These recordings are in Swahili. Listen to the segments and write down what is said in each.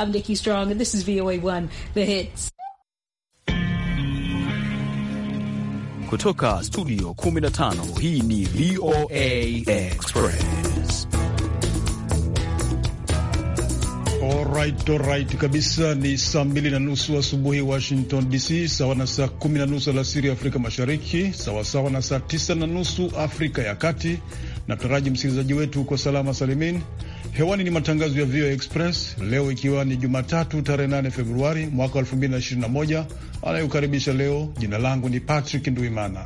I'm Nikki Strong and this is VOA1 The Hits. Kutoka studio 15 hii ni VOA Express. Alright, alright kabisa ni saa mbili na nusu asubuhi wa Washington DC, sawa na saa kumi na nusu alasiri ya Afrika Mashariki, sawasawa sawa na saa tisa na nusu Afrika ya Kati. Nataraji msikilizaji wetu uko salama salimin. Hewani ni matangazo ya VOA Express leo, ikiwa ni Jumatatu tarehe 8 Februari mwaka 2021. Anayokaribisha leo, jina langu ni Patrick Nduimana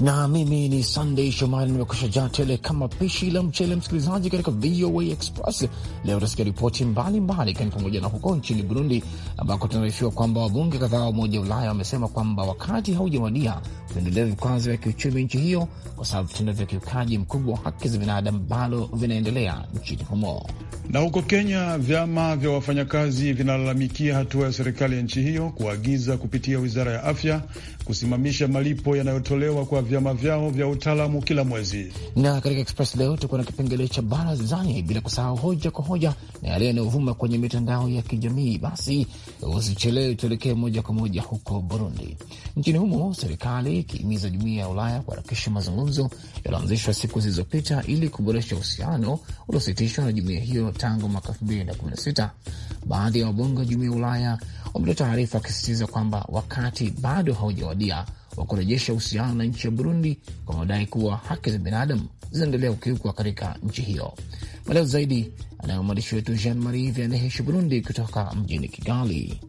na mimi ni Sunday Shomari. Nimekusha jaa tele kama pishi la mchele, msikilizaji, katika VOA Express leo utasikia ripoti mbalimbali, ikiwa ni pamoja na huko nchini Burundi ambako tunaarifiwa kwamba wabunge kadhaa wa Umoja wa Ulaya wamesema kwamba wakati haujawadia kuendelea vikwazo vya kiuchumi nchi hiyo, kwa sababu vitendo vya kiukaji mkubwa wa haki za binadamu bado vinaendelea nchini humo. Na huko Kenya, vyama vya wafanyakazi vinalalamikia hatua ya serikali ya nchi hiyo kuagiza kupitia wizara ya afya kusimamisha malipo yanayotolewa kwa vyama vyao vya utaalamu kila mwezi. Na katika Express leo tuko na kipengele cha barazani, bila kusahau hoja kwa hoja na yale yanayovuma kwenye mitandao ya kijamii. Basi usichelewe, tuelekee moja kwa moja huko Burundi. Nchini humo, serikali ikihimiza jumuiya ya Ulaya kuharakisha mazungumzo yaliyoanzishwa siku zilizopita ili kuboresha uhusiano uliositishwa na jumuiya jumuiya hiyo tangu mwaka 2016. Baadhi ya wabunge wa jumuiya ya Ulaya wametoa taarifa wakisisitiza kwamba wakati bado haujawadia wa kurejesha uhusiano na nchi ya Burundi kwa madai kuwa haki za binadamu zinaendelea kukiukwa katika nchi hiyo. Maelezo zaidi anayo mwandishi wetu Jean Marie Vianehishi, Burundi, kutoka mjini Kigali.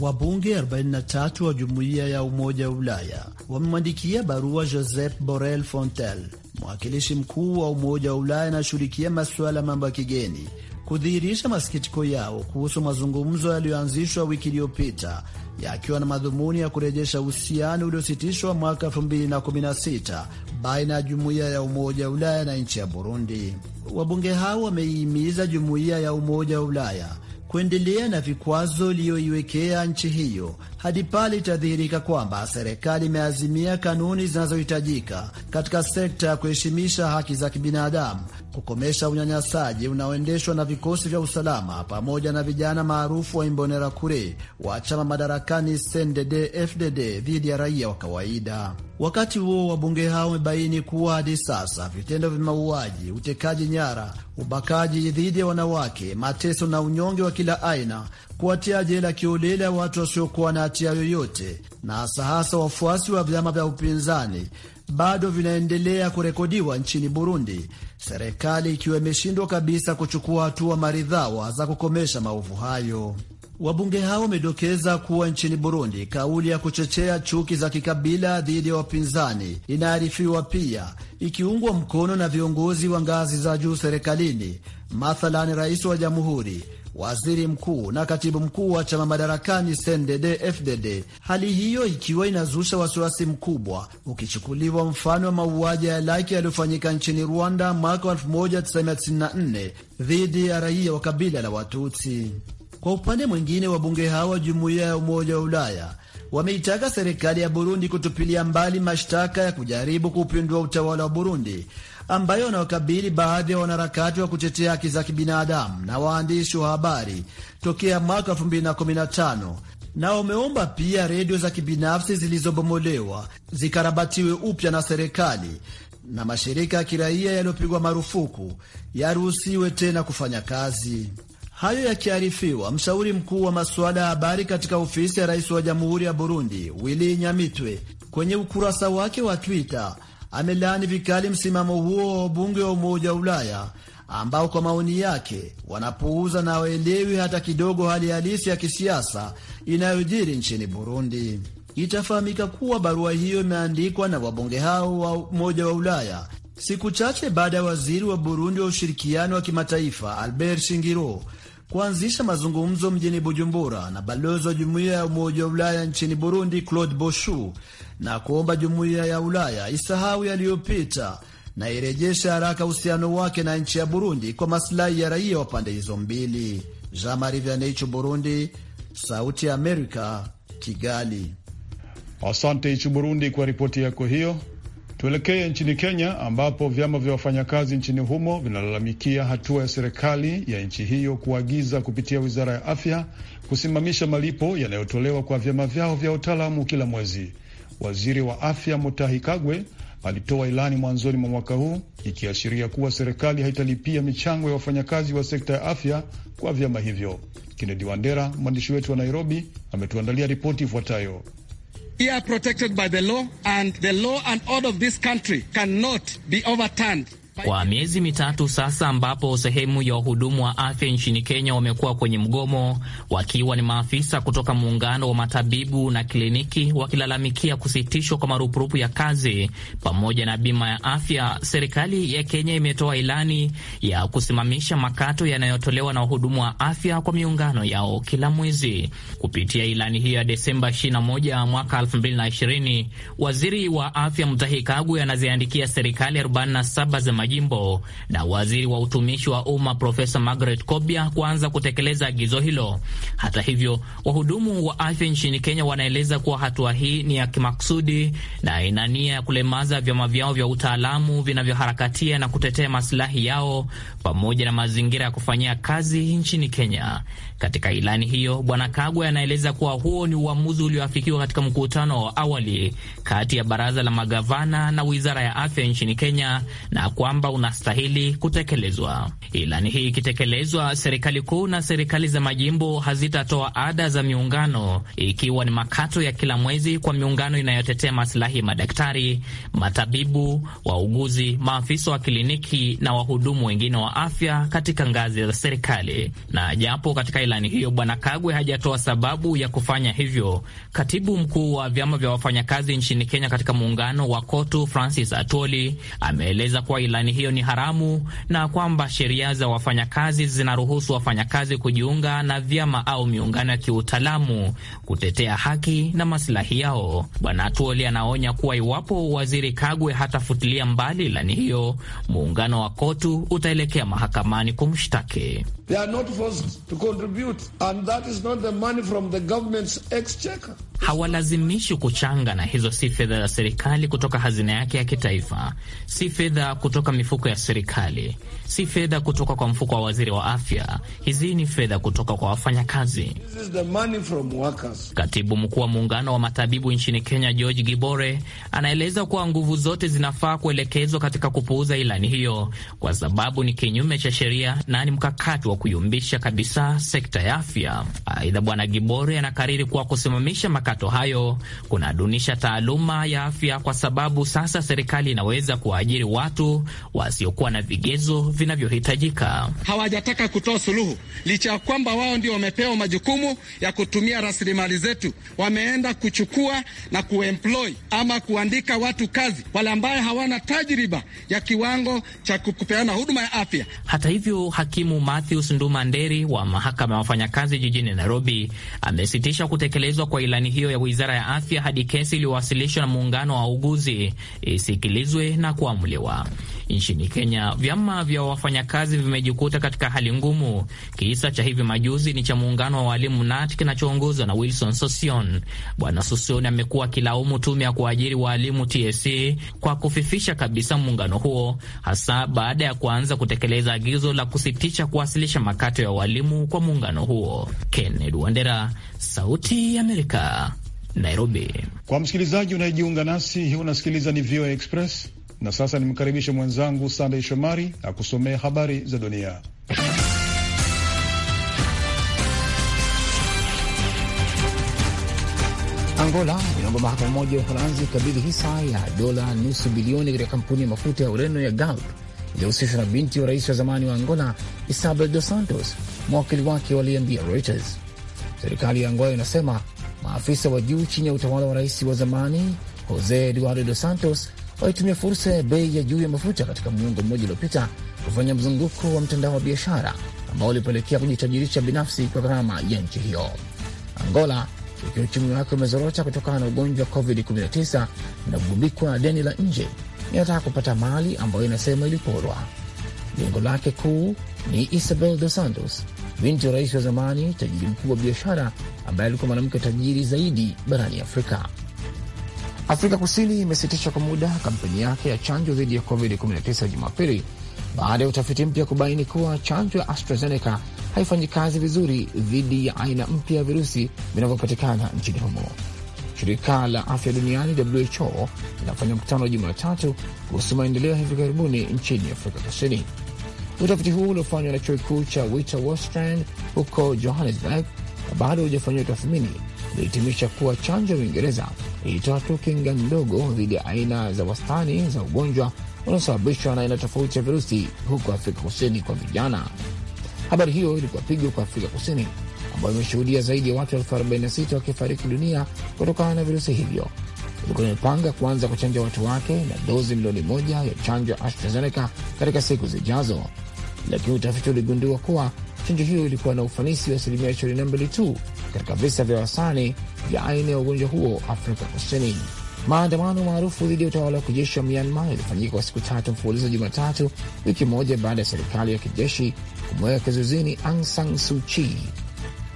Wabunge 43 wa jumuiya ya Umoja wa Ulaya wamemwandikia barua Joseph Borrell Fontel, mwakilishi mkuu wa Umoja wa Ulaya anashughulikia masuala ya mambo ya kigeni kudhihirisha masikitiko yao kuhusu mazungumzo yaliyoanzishwa wiki iliyopita yakiwa na madhumuni ya kurejesha uhusiano uliositishwa mwaka 2016 baina ya jumuiya ya Umoja wa Ulaya na nchi ya Burundi. Wabunge hao wameihimiza jumuiya ya Umoja wa Ulaya kuendelea na vikwazo iliyoiwekea nchi hiyo hadi pale itadhihirika kwamba serikali imeazimia kanuni zinazohitajika katika sekta ya kuheshimisha haki za kibinadamu, kukomesha unyanyasaji unaoendeshwa na vikosi vya usalama, pamoja na vijana maarufu wa Imbonerakure wa chama madarakani CNDD-FDD dhidi ya raia wa kawaida. Wakati huo wabunge hao wamebaini kuwa hadi sasa vitendo vya mauaji, utekaji nyara ubakaji dhidi ya wanawake, mateso na unyonge wa kila aina, kuwatia jela kiolela watu wasiokuwa na hatia yoyote, na hasa hasa wafuasi wa vyama vya upinzani bado vinaendelea kurekodiwa nchini Burundi, serikali ikiwa imeshindwa kabisa kuchukua hatua maridhawa za kukomesha maovu hayo. Wabunge hao wamedokeza kuwa nchini Burundi kauli ya kuchochea chuki za kikabila dhidi ya wapinzani inaarifiwa pia ikiungwa mkono na viongozi wa ngazi za juu serikalini, mathalan rais wa jamhuri, waziri mkuu na katibu mkuu wa chama madarakani CNDD-FDD, hali hiyo ikiwa inazusha wasiwasi mkubwa, ukichukuliwa mfano wa mauaji ya laiki yaliyofanyika nchini Rwanda mwaka 1994 dhidi ya raia wa kabila la Watutsi. Kwa upande mwingine, wabunge hawa wa jumuiya ya Umoja wa Ulaya wameitaka serikali ya Burundi kutupilia mbali mashtaka ya kujaribu kupindua utawala wa Burundi ambayo wanaokabili baadhi ya wanaharakati wa kutetea haki za kibinadamu na waandishi wa habari tokea mwaka 2015 na wameomba pia redio za kibinafsi zilizobomolewa zikarabatiwe upya na serikali na mashirika ya kiraia yaliyopigwa marufuku yaruhusiwe tena kufanya kazi. Hayo yakiarifiwa, mshauri mkuu wa masuala ya habari katika ofisi ya rais wa jamhuri ya Burundi, Willy Nyamitwe, kwenye ukurasa wake wa Twitter amelaani vikali msimamo huo wa wabunge wa Umoja wa Ulaya ambao kwa maoni yake wanapuuza na waelewi hata kidogo hali halisi ya kisiasa inayojiri nchini Burundi. Itafahamika kuwa barua hiyo imeandikwa na wabunge hao wa Umoja wa Ulaya siku chache baada ya waziri wa Burundi wa ushirikiano wa kimataifa Albert Shingiro kuanzisha mazungumzo mjini Bujumbura na balozi wa jumuiya ya Umoja wa Ulaya nchini Burundi, Claude Boshu, na kuomba jumuiya ya Ulaya isahau yaliyopita na irejeshe haraka uhusiano wake na nchi ya Burundi kwa masilahi ya raia wa pande hizo mbili. Jean Marie Burundi, Sauti ya Amerika, Kigali. Asante Ichu Burundi kwa ripoti yako hiyo. Tuelekee nchini Kenya ambapo vyama vya wafanyakazi nchini humo vinalalamikia hatua ya serikali ya nchi hiyo kuagiza kupitia wizara ya afya kusimamisha malipo yanayotolewa kwa vyama vyao vya utaalamu kila mwezi. Waziri wa afya Mutahi Kagwe alitoa ilani mwanzoni mwa mwaka huu ikiashiria kuwa serikali haitalipia michango ya wafanyakazi wa sekta ya afya kwa vyama hivyo. Kennedy Wandera, mwandishi wetu wa Nairobi, ametuandalia ripoti ifuatayo. We are protected by the law, and the law and order of this country cannot be overturned kwa miezi mitatu sasa, ambapo sehemu ya wahudumu wa afya nchini Kenya wamekuwa kwenye mgomo, wakiwa ni maafisa kutoka muungano wa matabibu na kliniki, wakilalamikia kusitishwa kwa marupurupu ya kazi pamoja na bima ya afya. Serikali ya Kenya imetoa ilani ya kusimamisha makato yanayotolewa na wahudumu wa afya kwa miungano yao kila mwezi. Kupitia ilani hiyo ya Desemba 21 mwaka 2020, waziri wa afya Mutahi Kagwe anaziandikia serikali 47 za majimbo na waziri wa utumishi wa umma Profesa Margaret Kobia kuanza kutekeleza agizo hilo. Hata hivyo, wahudumu wa afya nchini Kenya wanaeleza kuwa hatua hii ni ya kimaksudi na ina nia ya kulemaza vyama vyao vya utaalamu vinavyoharakatia na kutetea masilahi yao pamoja na mazingira ya kufanyia kazi nchini Kenya. Katika ilani hiyo, Bwana Kagwe anaeleza kuwa huo ni uamuzi ulioafikiwa katika mkutano wa awali kati ya baraza la magavana na wizara ya afya nchini Kenya na kwa kwamba unastahili kutekelezwa. Ilani hii ikitekelezwa, serikali kuu na serikali za majimbo hazitatoa ada za miungano, ikiwa ni makato ya kila mwezi kwa miungano inayotetea masilahi ya madaktari, matabibu, wauguzi, maafisa wa kliniki na wahudumu wengine wa afya katika ngazi za serikali. Na japo katika ilani hiyo Bwana Kagwe hajatoa sababu ya kufanya hivyo, katibu mkuu wa vyama vya wafanyakazi nchini Kenya katika muungano wa KOTU Francis Atoli ameeleza kuwa ilani imani hiyo ni haramu na kwamba sheria za wafanyakazi zinaruhusu wafanyakazi kujiunga na vyama au miungano ya kiutaalamu kutetea haki na masilahi yao. Bwana Atuoli anaonya kuwa iwapo waziri Kagwe hatafutilia mbali ilani hiyo, muungano wa KOTU utaelekea mahakamani kumshtake. They are not forced to contribute and that is not the money from the government's exchequer hawalazimishi kuchanga, na hizo si fedha za serikali kutoka hazina yake ya kitaifa, si fedha kutoka mifuko ya serikali, si fedha kutoka kwa mfuko wa waziri wa afya. Hizi ni fedha kutoka kwa wafanyakazi. Katibu mkuu wa muungano wa matabibu nchini Kenya, George Gibore, anaeleza kuwa nguvu zote zinafaa kuelekezwa katika kupuuza ilani hiyo, kwa sababu ni kinyume cha sheria na ni mkakati wa kuyumbisha kabisa sekta ya afya. Aidha, bwana Gibore anakariri kuwa kusimamisha mchakato hayo kunadunisha taaluma ya afya, kwa sababu sasa serikali inaweza kuwaajiri watu wasiokuwa na vigezo vinavyohitajika. Hawajataka kutoa suluhu, licha ya kwamba wao ndio wamepewa majukumu ya kutumia rasilimali zetu. Wameenda kuchukua na kuemploy ama kuandika watu kazi, wale ambaye hawana tajriba ya kiwango cha kupeana huduma ya afya. Hata hivyo, hakimu Matthews ndumanderi wa mahakama ya wafanyakazi jijini Nairobi amesitisha kutekelezwa kwa ilani hiyo ya wizara ya afya hadi kesi iliyowasilishwa na muungano wa uguzi isikilizwe na kuamuliwa. Nchini Kenya, vyama vya wafanyakazi vimejikuta katika hali ngumu. Kisa cha hivi majuzi ni cha muungano wa walimu NAT kinachoongozwa na Wilson Sosion. Bwana Sosion amekuwa akilaumu tume ya kuajiri waalimu TSC kwa kufifisha kabisa muungano huo, hasa baada ya kuanza kutekeleza agizo la kusitisha kuwasilisha makato ya walimu kwa muungano huo. Kennedy Wandera, Sauti ya Amerika, Nairobi. Kwa msikilizaji unayejiunga nasi, unasikiliza ni VOA Express. Na sasa nimkaribishe mwenzangu Sandey Shomari akusomea habari za dunia. Angola inaomba mahakama moja ya Uholanzi kabidhi hisa ya dola nusu bilioni katika kampuni ya mafuta ya Ureno ya Galp iliyohusishwa na binti wa rais wa zamani wa Angola Isabel Dos Santos. Mawakili wake waliambia Reuters serikali ya Angola inasema maafisa wa juu chini ya utawala wa rais wa zamani Jose Eduardo Dos Santos walitumia fursa ya bei ya juu ya mafuta katika muongo mmoja uliopita kufanya mzunguko wa mtandao wa biashara ambao ulipelekea kujitajirisha binafsi kwa gharama ya nchi hiyo. Angola, ikiwa uchumi wake umezorota kutokana na ugonjwa wa COVID-19 na kugubikwa na deni la nje, inataka kupata mali ambayo inasema iliporwa. Lengo lake kuu ni Isabel Dos Santos, binti wa rais wa zamani, tajiri mkuu wa biashara, ambaye alikuwa mwanamke tajiri zaidi barani Afrika. Afrika Kusini imesitisha kwa muda kampeni yake ya chanjo dhidi ya COVID-19 Jumapili baada ya utafiti mpya kubaini kuwa chanjo ya AstraZeneca haifanyi kazi vizuri dhidi ya aina mpya ya virusi vinavyopatikana nchini humo. Shirika la afya duniani WHO linafanya mkutano wa Jumatatu kuhusu maendeleo ya hivi karibuni nchini Afrika Kusini. Utafiti huu uliofanywa na chuo kikuu cha Witwatersrand huko Johannesburg bado hujafanyiwa tathmini, ilihitimisha kuwa chanjo ya Uingereza ilitoa tu kinga ndogo dhidi ya aina za wastani za ugonjwa unaosababishwa na aina tofauti ya virusi huko Afrika Kusini kwa vijana. Habari hiyo ilikuwa pigwa kwa Afrika Kusini ambayo imeshuhudia zaidi ya watu elfu 46 wakifariki dunia kutokana na virusi hivyo. Ilikuwa imepanga kuanza kuchanja watu wake na dozi milioni moja ya chanjo ya AstraZeneca katika siku zijazo, lakini utafiti uligundua kuwa Chanjo hiyo ilikuwa na ufanisi wa asilimia 22 tu katika visa vya wasani vya aina ya ugonjwa huo Afrika Kusini. Maandamano maarufu dhidi ya utawala wa kijeshi wa Myanmar ilifanyika kwa siku tatu mfululizo Jumatatu, wiki moja baada ya serikali ya kijeshi kumweka kizuizini Aung San Suu Kyi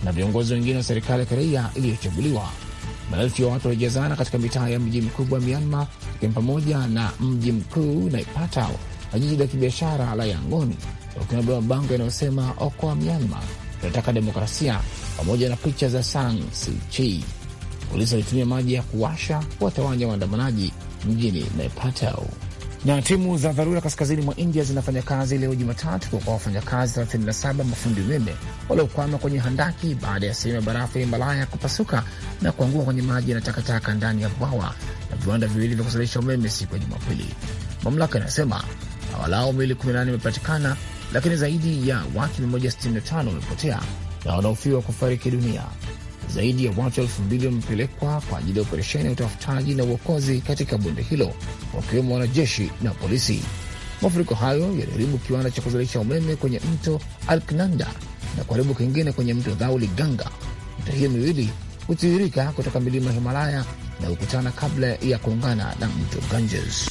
na viongozi wengine wa serikali ya kiraia iliyochaguliwa. Maelfu ya watu walijazana katika mitaa ya mji mkubwa wa Myanmar, ikiwa pamoja na mji mkuu Naypatau na jiji la kibiashara la Yangon ukiambiwa mabango yanayosema okoa Myanmar, tunataka demokrasia, pamoja na picha za San Suu Kyi. Polisi walitumia maji ya kuwasha kuwatawanya waandamanaji mjini Naypyidaw. Na timu za dharura kaskazini mwa India zinafanya kazi leo Jumatatu kwa wafanyakazi 37 mafundi umeme waliokwama kwenye handaki baada ya sehemu ya barafu ya Himalaya kupasuka na kuangua kwenye maji na takataka ndani ya bwawa na viwanda viwili vya kuzalisha umeme siku ya Jumapili. Mamlaka inasema awalau walau miili 18 imepatikana lakini zaidi ya watu 165 wamepotea na wanaofiwa kufariki dunia. Zaidi ya watu elfu mbili wamepelekwa kwa ajili ya operesheni ya utafutaji na uokozi katika bonde hilo, wakiwemo wanajeshi na polisi. Mafuriko hayo yaliharibu kiwanda cha kuzalisha umeme kwenye mto Alknanda na kuharibu kingine kwenye mto Dhauli Ganga. Mito hiyo miwili hutiririka kutoka milima Himalaya na kukutana kabla ya kuungana na mto Ganges.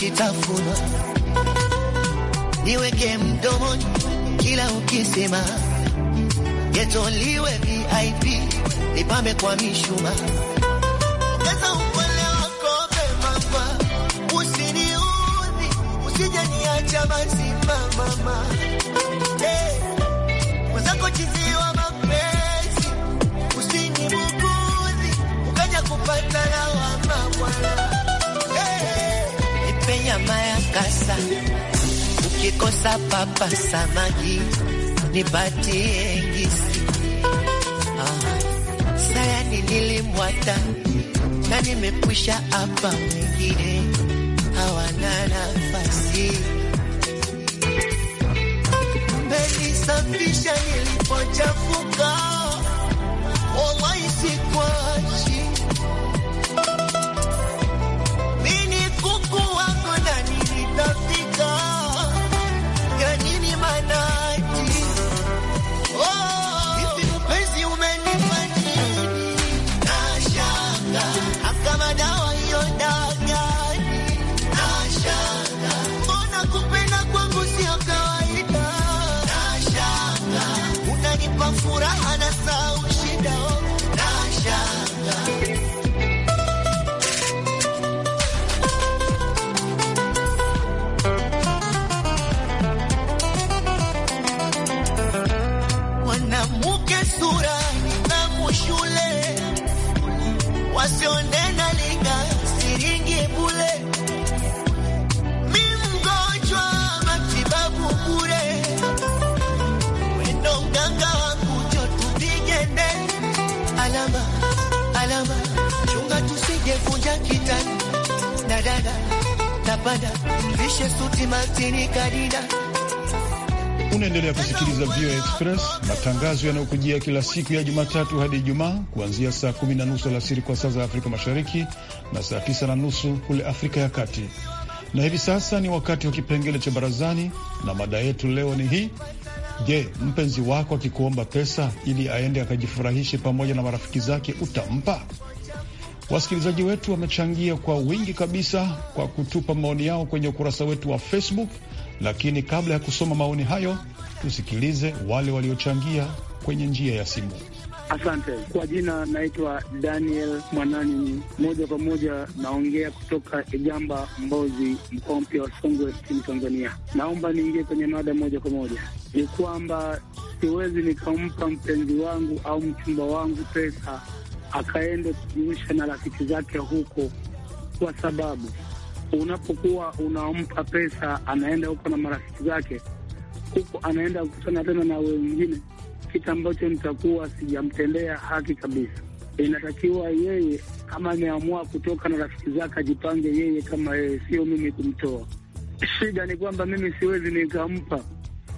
ukitafuna niweke mdomoni, kila ukisema yetoliwe VIP nipambe kwa mishuma ongeza upole wako bema, usiniudhi, usije niacha mama, hey, Nikikosa papa samaki nipatie ngisi. Ah, sayani nilimwata na nimekwisha hapa, wengine hawana nafasi. Umenisafisha nilipochafuka, wallahi sikwa nipa furaha na sau shida na shanga mwanamke sura nidhamu shule wasio Nimekunja kitani na dada na lishe suti matini kadida. Unaendelea kusikiliza VOA Express, matangazo yanayokujia kila siku ya Jumatatu hadi Ijumaa kuanzia saa kumi na nusu alasiri kwa saa za Afrika Mashariki na saa tisa na nusu kule Afrika ya Kati. Na hivi sasa ni wakati wa kipengele cha barazani, na mada yetu leo ni hii: Je, mpenzi wako akikuomba pesa ili aende akajifurahishe pamoja na marafiki zake utampa? Wasikilizaji wetu wamechangia kwa wingi kabisa kwa kutupa maoni yao kwenye ukurasa wetu wa Facebook, lakini kabla ya kusoma maoni hayo, tusikilize wale waliochangia kwenye njia ya simu. Asante kwa jina, naitwa Daniel Mwanani, moja kwa moja naongea kutoka Igamba, Mbozi, mkoa mpya wa Songwe nchini Tanzania. Naomba niingie kwenye mada moja kwa moja. Ni kwamba siwezi nikampa mpenzi wangu au mchumba wangu pesa akaende kujimisha na rafiki zake huko, kwa sababu unapokuwa unampa pesa anaenda huko na marafiki zake, huko anaenda kukutana tena na wengine, kitu ambacho nitakuwa sijamtendea haki kabisa. Inatakiwa yeye kama ameamua kutoka na rafiki zake ajipange yeye kama yeye, sio mimi kumtoa. Shida ni kwamba mimi siwezi nikampa,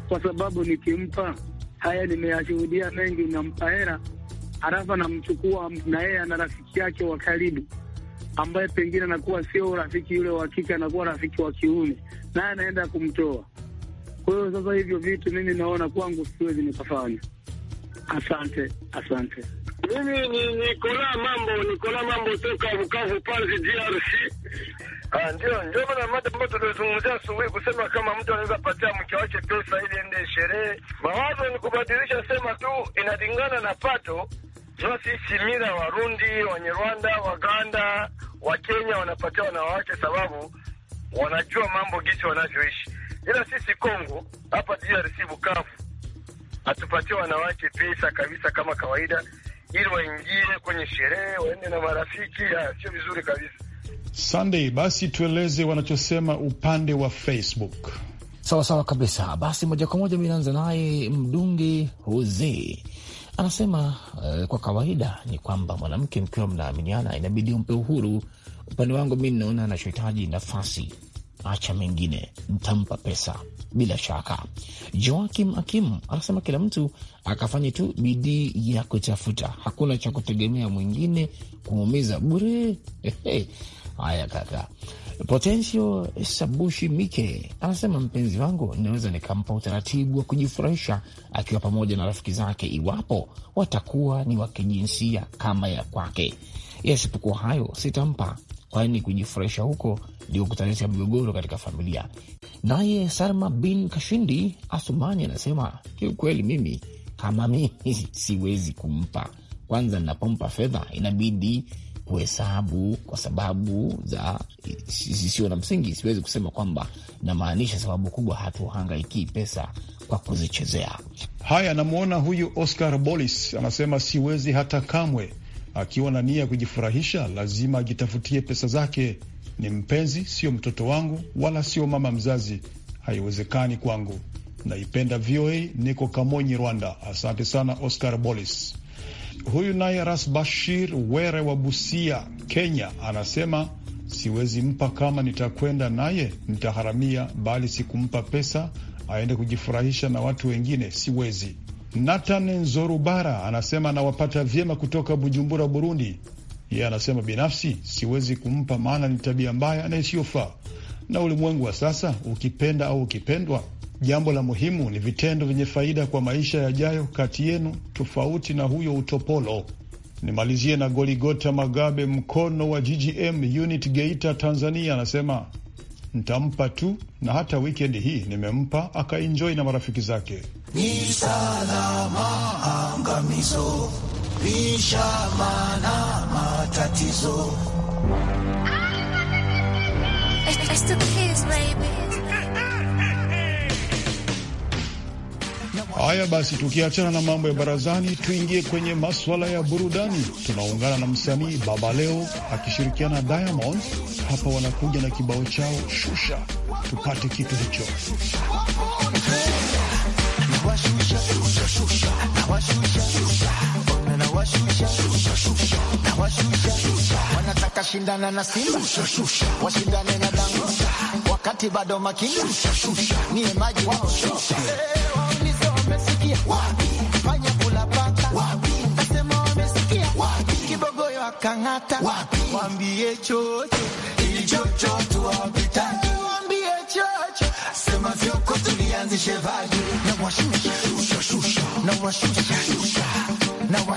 kwa sababu nikimpa haya, nimeyashuhudia mengi, nampa hela halafu anamchukua na yeye ana rafiki yake wa karibu ambaye pengine anakuwa sio rafiki yule wa kike, anakuwa rafiki wa kiume, naye anaenda kumtoa. Kwa hiyo sasa hivyo vitu mimi naona kwangu siwezi nikafanya. Asante, asante. Mimi ni Nikola Mambo, Nikola Mambo toka Bukavu pale DRC. Ah, ndio, ndio maana mada ambayo tunazungumzia asubuhi kusema kama mtu anaweza patia mke wake pesa ili ende sherehe. Mawazo ni kubadilisha, sema tu inalingana na pato ndio sisi mila Warundi, Wanyarwanda, Waganda, Wakenya wanapatia wanawake sababu wanajua mambo gisi wanavyoishi, ila sisi Kongo hapa DRC Bukavu hatupatie wanawake pesa kabisa kama kawaida, ili waingie kwenye sherehe waende na marafiki, sio vizuri kabisa. Sunday, basi tueleze wanachosema upande wa Facebook. Sawa sawa kabisa. Basi moja kwa moja mi naanza naye Mdungi Huzee Anasema uh, kwa kawaida ni kwamba mwanamke mkiwa mnaaminiana inabidi umpe uhuru. Upande wangu mi naona anachohitaji nafasi, acha mengine, ntampa pesa bila shaka. Joakim Akim anasema kila mtu akafanye tu bidii ya kutafuta, hakuna cha kutegemea mwingine kumuumiza bure. Haya kaka Potensio Sabushi Mike anasema mpenzi wangu, ninaweza nikampa utaratibu wa kujifurahisha akiwa pamoja na rafiki zake, iwapo watakuwa ni wa kijinsia kama ya kwake. Yasipokuwa hayo, sitampa, kwani kujifurahisha huko ndio kutaleta mgogoro katika familia. Naye Sarma bin Kashindi Asumani anasema kiukweli, mimi kama mimi siwezi kumpa. Kwanza ninapompa fedha inabidi kuhesabu kwa sababu za zisizo na msingi. Siwezi kusema kwamba namaanisha sababu kubwa, hatuhangaiki pesa kwa kuzichezea. Haya, namwona huyu Oscar Bolis anasema siwezi hata kamwe. Akiwa na nia ya kujifurahisha, lazima ajitafutie pesa zake. Ni mpenzi, sio mtoto wangu, wala sio mama mzazi. Haiwezekani kwangu. Naipenda VOA, niko Kamonyi, Rwanda. Asante sana Oscar Bolis. Huyu naye Ras Bashir Were wa Busia, Kenya, anasema siwezi mpa, kama nitakwenda naye nitaharamia, bali sikumpa pesa aende kujifurahisha na watu wengine, siwezi. Nathan Nzorubara anasema anawapata vyema kutoka Bujumbura, Burundi. Yeye anasema binafsi siwezi kumpa, maana ni tabia mbaya na isiyofaa, na ulimwengu wa sasa, ukipenda au ukipendwa, Jambo la muhimu ni vitendo vyenye faida kwa maisha yajayo kati yenu, tofauti na huyo utopolo. Nimalizie na Goligota Magabe Mkono wa GGM unit Geita, Tanzania, anasema Ntampa tu na hata wikendi hii nimempa akainjoi na marafiki zake. Ni salama angamizo, vishamana matatizo Haya basi, tukiachana na mambo ya barazani, tuingie kwenye maswala ya burudani. Tunaungana na msanii Baba Leo akishirikiana na Diamond. Hapa wanakuja na kibao chao Shusha, tupate kitu hicho. Wanataka shindana na Simba, washindane na wakati bado makini, maji wao wamesikia wambie chocho wambie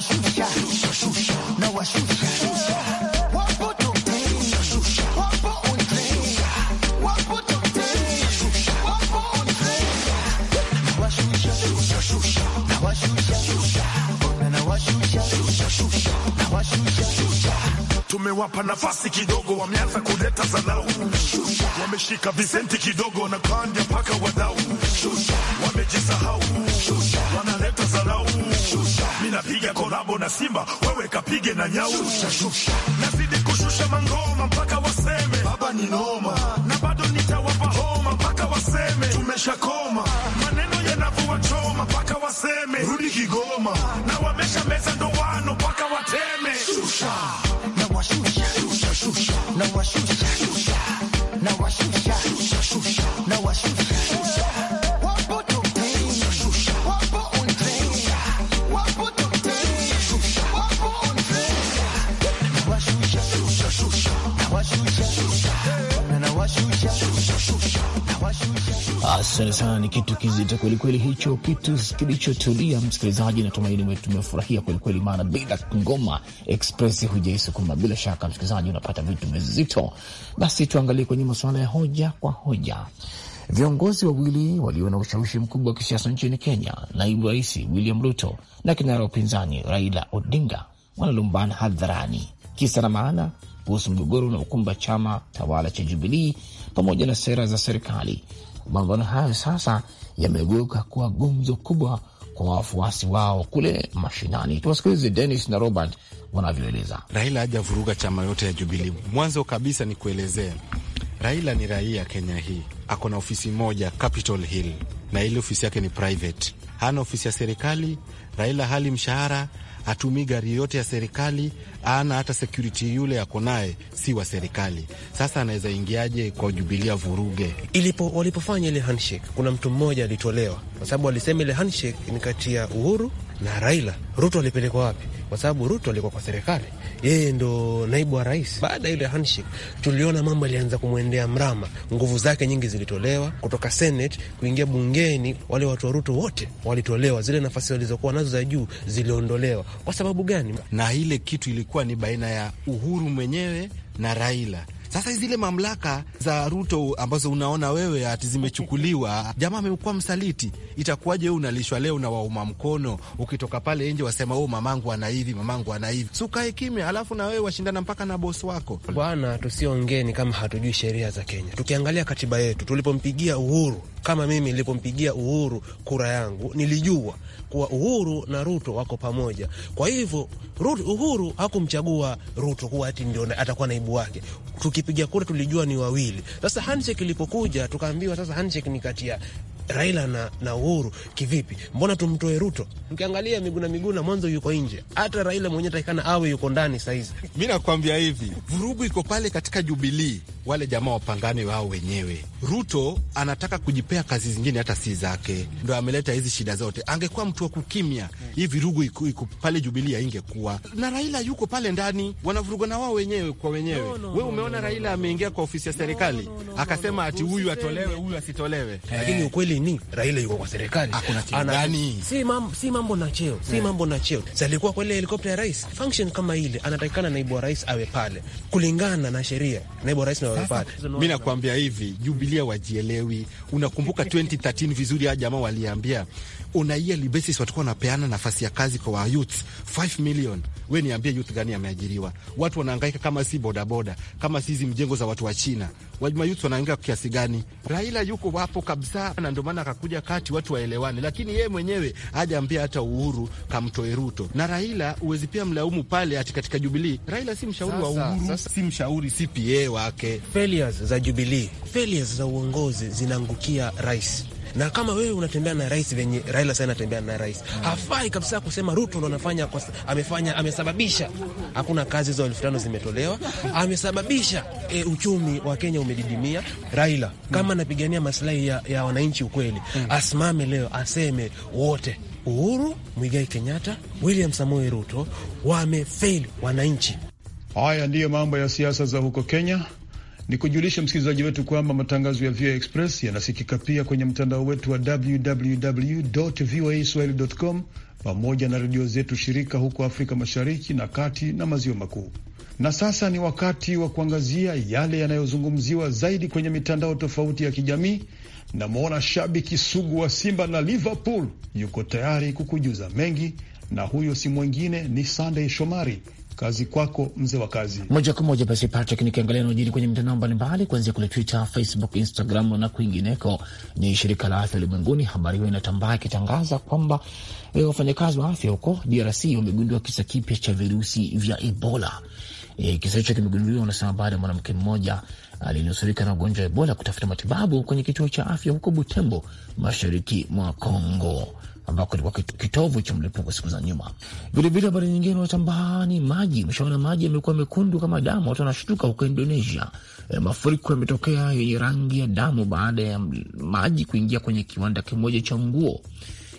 chocho wamewapa nafasi kidogo, wameanza kuleta zalau, wameshika visenti kidogo na kandia mpaka wadau wamejisahau, wanaleta zalau. Minapiga kolabo na Simba, wewe kapige na nyau, nazidi kushusha mangoma mpaka waseme baba ni noma, na bado nitawapa homa mpaka waseme tumeshakoma, maneno choma mpaka waseme rudi Kigoma, na wamesha meza sana sana, ni kitu kizito kwelikweli, hicho kitu kilichotulia. Msikilizaji, natumaini wetu tumefurahia kwelikweli, maana bila ngoma express hujaisukuma. Bila shaka, msikilizaji, unapata vitu vizito. Basi tuangalie kwenye masuala ya hoja kwa hoja. Viongozi wawili walio na ushawishi mkubwa wa kisiasa nchini Kenya, naibu rais William Ruto na kinara upinzani Raila Odinga, wanalumbana hadharani, kisa na maana kuhusu mgogoro unaokumba chama tawala cha Jubilii pamoja na sera za serikali mapambano hayo sasa yamegeuka kuwa gumzo kubwa kwa wafuasi wao kule mashinani. Tuwasikilize Dennis na Robert wanavyoeleza. Raila hajavuruga chama yote ya jubili Mwanzo kabisa ni kuelezea, Raila ni raia Kenya hii, ako na ofisi moja Capitol Hill, na ile ofisi yake ni private, hana ofisi ya serikali. Raila hali mshahara, hatumii gari yoyote ya serikali, ana hata security yule yako naye si wa serikali. Sasa anaweza ingiaje kwa Jubilia vuruge? Ilipo, walipofanya ile handshake, kuna mtu mmoja alitolewa kwa sababu alisema ile handshake ni kati ya Uhuru na Raila. Ruto alipelekwa wapi? Kwa sababu Ruto alikuwa kwa serikali yeye ndo naibu wa rais. Baada ya ile handshake, tuliona mambo yalianza kumwendea mrama, nguvu zake nyingi zilitolewa kutoka Senate kuingia bungeni. Wale watu wa Ruto wote walitolewa, zile nafasi walizokuwa nazo za juu ziliondolewa. Kwa sababu gani? Na ile kitu ilikuwa ni baina ya Uhuru mwenyewe na Raila sasa zile mamlaka za Ruto ambazo unaona wewe ati zimechukuliwa, jamaa amekuwa msaliti, itakuwaje? Wewe unalishwa leo na wauma mkono, ukitoka pale nje wasema oh, mamangu ana hivi, mamangu ana hivi, sukae kimya, alafu na wewe washindana mpaka na bosi wako. Bwana, tusiongeni kama hatujui sheria za Kenya. Tukiangalia katiba yetu tulipompigia Uhuru, kama mimi nilipompigia Uhuru kura yangu nilijua kuwa Uhuru na Ruto wako pamoja. Kwa hivyo Uhuru hakumchagua Ruto kuwa ati ndio atakuwa naibu wake. Tukipiga kura tulijua ni wawili. Sasa handshake ilipokuja, tukaambiwa sasa handshake ni kati ya Raila na, na Uhuru. Kivipi? Mbona tumtoe Ruto? Ukiangalia Miguna Miguna mwanzo yuko nje, hata Raila mwenyewe takikana awe yuko ndani sahizi. Mi nakwambia hivi, vurugu iko pale katika Jubilii, wale jamaa wapangane wao wenyewe. Ruto anataka kujipea kazi zingine hata si zake, ndo ameleta hizi shida zote. Angekuwa mtu wa kukimya, hmm. hii virugu iko, iko pale Jubilia ingekuwa na Raila yuko pale ndani, wanavuruga na wao wenyewe kwa wenyewe. No, no, we umeona no, no, Raila ameingia kwa ofisi ya serikali no, no, no, akasema no, no, ati huyu atolewe huyu asitolewe, lakini eh. ukweli ni Raila yuko kwa serikali, si mambo si mambo na cheo, si eh. mambo na cheo. Zalikuwa kwa ile helikopta ya rais, function kama ile anatakikana naibu wa rais awe pale kulingana na sheria, naibu wa rais na awe pale. Mimi nakwambia hivi, Jubilia wajielewi. Unakumbuka 2013 vizuri, hawa jamaa waliambia unaia libesi basis watakuwa wanapeana nafasi ya kazi kwa wa youth 5 million. We niambie youth gani ameajiriwa? Watu wanaangaika kama si bodaboda, kama si hizi mjengo za watu wa China, wajuma youth wanahangaika kiasi gani? Raila yuko wapo kabisa, na ndio maana akakuja kati watu waelewane, lakini yeye mwenyewe hajaambia hata Uhuru kamtoe Ruto na Raila. Uwezi pia mlaumu pale ati katika Jubilii Raila si mshauri sasa, wa Uhuru sasa, si mshauri CPA wake. Failures za Jubilii, failures za uongozi zinaangukia rais na kama wewe unatembea na rais venye Raila sasa anatembea na rais, hmm. hafai kabisa kusema Ruto ndo anafanya amefanya amesababisha hakuna kazi hizo elfu tano zimetolewa, amesababisha e, uchumi wa Kenya umedidimia. Raila hmm. kama anapigania mm. maslahi ya, ya wananchi ukweli mm. asimame leo aseme wote Uhuru Mwigai Kenyatta, William Samoei Ruto wamefeli wananchi. Haya ndiyo mambo ya siasa za huko Kenya. Ni kujulisha msikilizaji wetu kwamba matangazo ya VOA Express yanasikika pia kwenye mtandao wetu wa www voa swahili com pamoja na redio zetu shirika huko Afrika Mashariki na kati na maziwa makuu. Na sasa ni wakati wa kuangazia yale yanayozungumziwa zaidi kwenye mitandao tofauti ya kijamii. Namwona shabiki sugu wa Simba na Liverpool yuko tayari kukujuza mengi, na huyo si mwingine ni sandey Shomari Kazi kwako mzee wa kazi. Moja kwa moja basi, Patrick, nikiangalia naojiri kwenye mitandao mbalimbali kuanzia kule Twitter, Facebook, Instagram na kwingineko, ni shirika la afya ulimwenguni, habari hiyo inatambaa ikitangaza kwamba e, wafanyakazi wa afya huko DRC wamegundua kisa kipya cha virusi vya Ebola. E, kisa hicho kimegunduliwa, unasema baada ya mwanamke mmoja alinusurika na ugonjwa wa Ebola kutafuta matibabu kwenye kituo cha afya huko Butembo, mashariki mwa Congo ambako ilikuwa kitovu cha mlipuko siku za nyuma. Vilevile habari nyingine, wanatambaa ni maji. Umeshaona maji yamekuwa mekundu kama damu, watu wanashtuka huko Indonesia. E, mafuriko yametokea yenye rangi ya damu baada ya maji kuingia kwenye kiwanda kimoja cha nguo.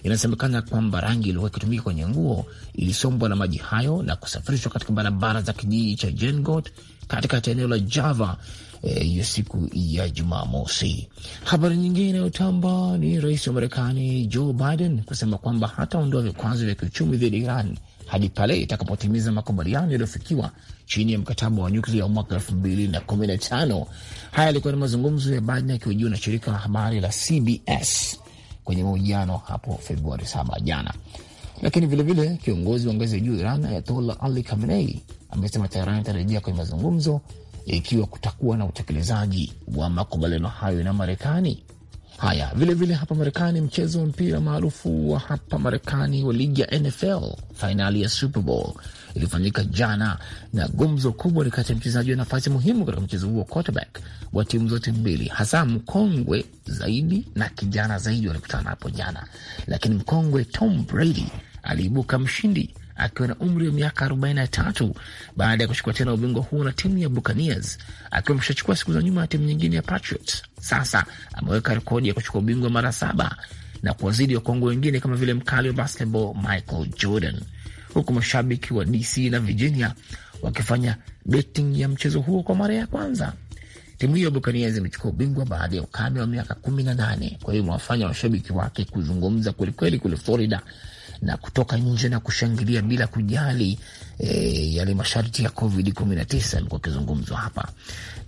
Inasemekana kwamba rangi iliyokuwa ikitumika kwenye nguo ilisombwa na maji hayo na kusafirishwa katika barabara za kijiji cha Jengot katikati ya eneo la Java Eh, hiyo e, siku ya Jumamosi. Habari nyingine inayotamba ni rais wa Marekani Joe Biden kusema kwamba hataondoa vikwazo vya kiuchumi dhidi ya Iran hadi pale itakapotimiza makubaliano yaliyofikiwa chini ya mkataba wa nyuklia wa mwaka elfu mbili na kumi na tano. Haya yalikuwa ni mazungumzo ya Biden akihojiwa na shirika la habari la CBS kwenye mahojiano hapo Februari saba jana. Lakini vilevile kiongozi wa ngazi ya juu Iran Ayatollah Ali Khamenei amesema Teheran itarejea kwenye mazungumzo ikiwa kutakuwa na utekelezaji wa makubaliano hayo na Marekani. Haya, vilevile vile hapa Marekani, mchezo wa mpira maarufu wa hapa Marekani wa ligi ya NFL, fainali ya Super Bowl ilifanyika jana, na gumzo kubwa ni kati ya mchezaji wa nafasi muhimu katika mchezo huo, quarterback wa timu zote mbili, hasa mkongwe zaidi na kijana zaidi, walikutana hapo jana, lakini mkongwe Tom Brady aliibuka mshindi akiwa na umri wa miaka 43 baada ya kuchukua tena ubingwa huo na timu ya Buccaneers akiwa ameshachukua siku za nyuma ya timu nyingine ya Patriots. Sasa ameweka rekodi ya kuchukua ubingwa mara saba na kuwazidi wakongwe wengine kama vile mkali wa basketball Michael Jordan, huku mashabiki wa DC na Virginia wakifanya betting ya mchezo huo kwa mara ya kwanza. Timu hiyo Buccaneers imechukua ubingwa baada ya ukame wa miaka kumi na nane. Kwa hiyo imewafanya washabiki wake kuzungumza kwelikweli kule Florida na kutoka nje na kushangilia bila kujali e, yale masharti ya Covid 19 alikuwa akizungumzwa hapa,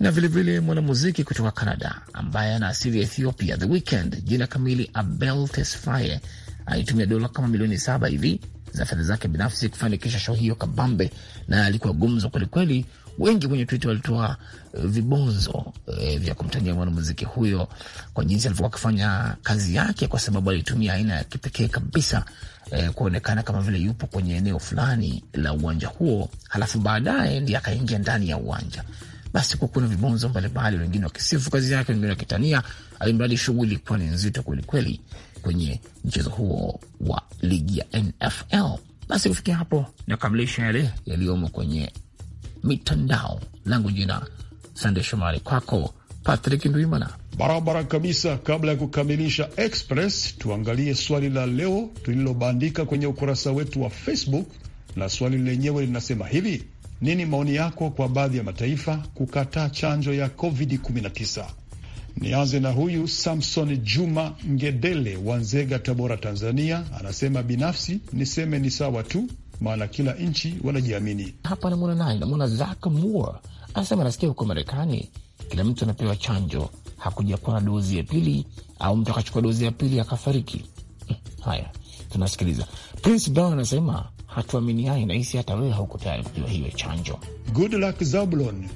na vilevile mwanamuziki kutoka Canada ambaye ana asili ya Ethiopia, The Weeknd, jina kamili Abel Tesfaye, alitumia dola kama milioni saba hivi za fedha zake binafsi kufanikisha show hiyo kabambe, na alikuwa gumzo kwelikweli. Wengi kwenye Twitter walitoa e, vibonzo e, vya kumtania mwanamuziki huyo kwa jinsi alivyokuwa akifanya kazi yake, kwa sababu alitumia aina ya kipekee kabisa eh, kuonekana kama vile yupo kwenye eneo fulani la uwanja huo, halafu baadaye ndi akaingia ndani ya uwanja. Basi kuwa kuna vibonzo mbalimbali, wengine wakisifu kazi yake, wengine wakitania, alimradi shughuli ilikuwa ni nzito kwelikweli kwenye mchezo huo wa ligi ya NFL. Basi kufikia hapo nakamilisha yale yaliyomo kwenye mitandao. Langu jina Sande Shomari, kwako Patrick Ndwimana. Barabara kabisa. Kabla ya kukamilisha Express, tuangalie swali la leo tulilobandika kwenye ukurasa wetu wa Facebook, na swali lenyewe linasema hivi: nini maoni yako kwa baadhi ya mataifa kukataa chanjo ya COVID-19? Nianze na huyu Samson Juma Ngedele wa Nzega, Tabora, Tanzania. Anasema binafsi niseme ni sawa tu, maana kila nchi wanajiamini. Hapa namwona naye namwona Zak Moore anasema anasikia huko Marekani kila mtu anapewa chanjo, hakujakuwa na dozi ya pili au mtu akachukua dozi ya pili akafariki. Hmm, haya, tunasikiliza Prince Brown anasema hatuaminiani, nahisi hata wewe hauko tayari kupewa hiyo chanjo. Good luck Zablon,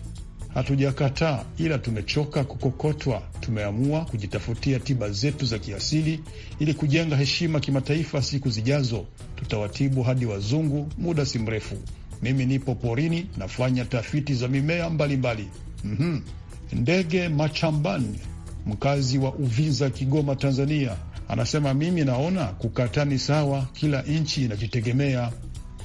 hatujakataa ila tumechoka kukokotwa. Tumeamua kujitafutia tiba zetu za kiasili ili kujenga heshima kimataifa. Siku zijazo tutawatibu hadi wazungu, muda si mrefu. Mimi nipo porini nafanya tafiti za mimea mbalimbali mbali. Mm-hmm. Ndege Machambani, mkazi wa Uvinza, Kigoma, Tanzania, anasema mimi naona kukataa ni sawa, kila nchi inajitegemea.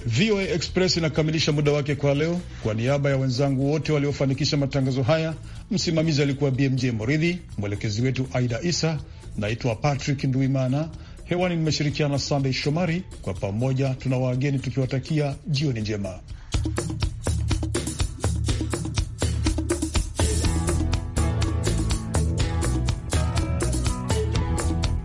VOA Express inakamilisha muda wake kwa leo. Kwa niaba ya wenzangu wote waliofanikisha matangazo haya, msimamizi alikuwa BMJ Moridhi, mwelekezi wetu Aida Isa. Naitwa Patrick Nduimana, hewani nimeshirikiana Sandey Shomari. Kwa pamoja tuna wageni tukiwatakia jioni njema.